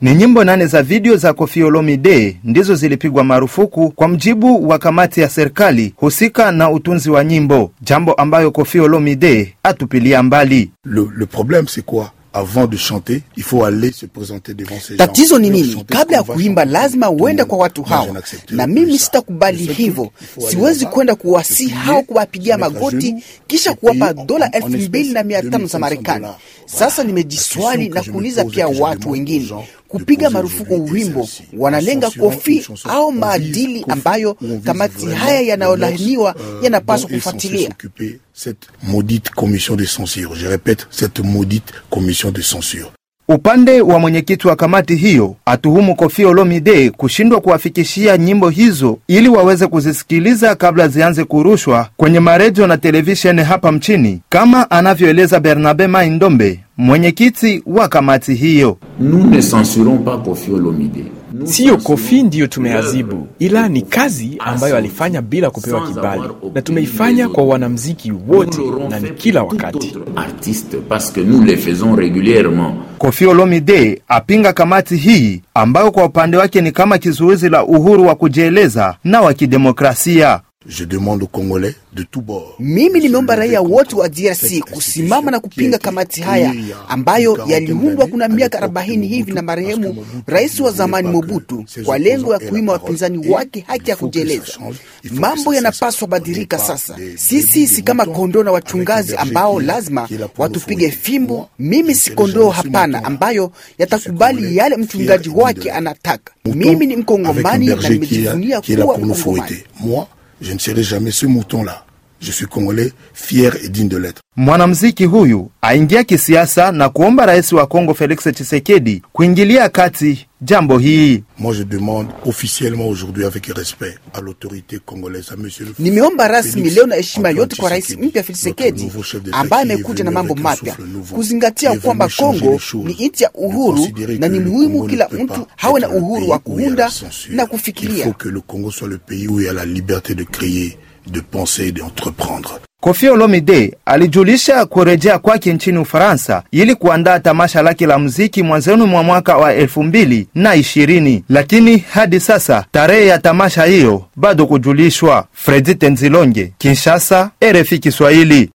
Ni nyimbo nane za video za Koffi Olomide ndizo zilipigwa marufuku kwa mjibu wa kamati ya serikali husika na utunzi wa nyimbo, jambo ambayo Koffi Olomide atupilia mbali. Le, le problème c'est quoi? Avant de chanter, il faut aller se présenter devant ces tatizo ni nini? Kabla ya kuimba lazima uende kwa watu hawa, na mimi sitakubali hivyo. Siwezi kwenda kuwasi hao kuwapigia magoti kisha kuwapa dola elfu mbili na mia tano za Marekani. Sasa nimejiswali na kuuliza pia watu wengine kupiga marufuku wimbo, wanalenga kofi au maadili ambayo kamati haya yanayolaniwa euh, yanapaswa kufuatilia. Cette maudite commission de censure, je répète, cette maudite commission de censure. Upande wa mwenyekiti wa kamati hiyo atuhumu Koffi Olomide kushindwa kuwafikishia nyimbo hizo ili waweze kuzisikiliza kabla zianze kurushwa kwenye maredio na televisheni hapa mchini, kama anavyoeleza Bernabe Maindombe, mwenyekiti wa kamati hiyo. Nous ne censurons pas Koffi Olomide Siyo kofi ndiyo tumeazibu, ila ni kazi ambayo alifanya bila kupewa kibali, na tumeifanya kwa wanamziki wote na ni kila wakati. Kofi Olomide apinga kamati hii ambayo kwa upande wake ni kama kizuizi la uhuru wa kujieleza na wa kidemokrasia. Je demande aux Congolais de tout bord. Mimi nimeomba raia wote wa DRC kusimama na kupinga kamati haya ambayo yaliundwa kuna miaka arobaini hivi na marehemu rais wa zamani Mobutu kwa lengo ya kuima wapinzani wake haki ya kujieleza. Mambo yanapaswa badilika sasa. Sisi si kama kondoo na wachungazi ambao lazima watupige fimbo. Mimi si kondoo, hapana, ambayo yatakubali yale mchungaji wake anataka. Mimi ni Mkongomani na nimejivunia kuwa Mkongomani. Je ne serai jamais ce mouton-là. Je suis Congolais, fier et digne de l'être. Mwanamuziki huyu aingia kisiasa na kuomba rais wa Kongo Felix Tshisekedi kuingilia kati jambo hii. Nimeomba rasmi leo na heshima yote kwa rais mpya Tshisekedi ambaye amekuja na mambo mapya, kuzingatia kwamba Kongo ni nchi ya uhuru na ni muhimu kila mtu hawe na uhuru wa kuunda na kufikiria. Koffi Olomide alijulisha kurejea kwake nchini Ufaransa ili kuandaa tamasha lake la muziki mwanzoni mwa mwaka wa elfu mbili na ishirini, lakini hadi sasa tarehe ya tamasha hiyo bado kujulishwa. Fredi Tenzilonge, Kinshasa, RFI Kiswahili.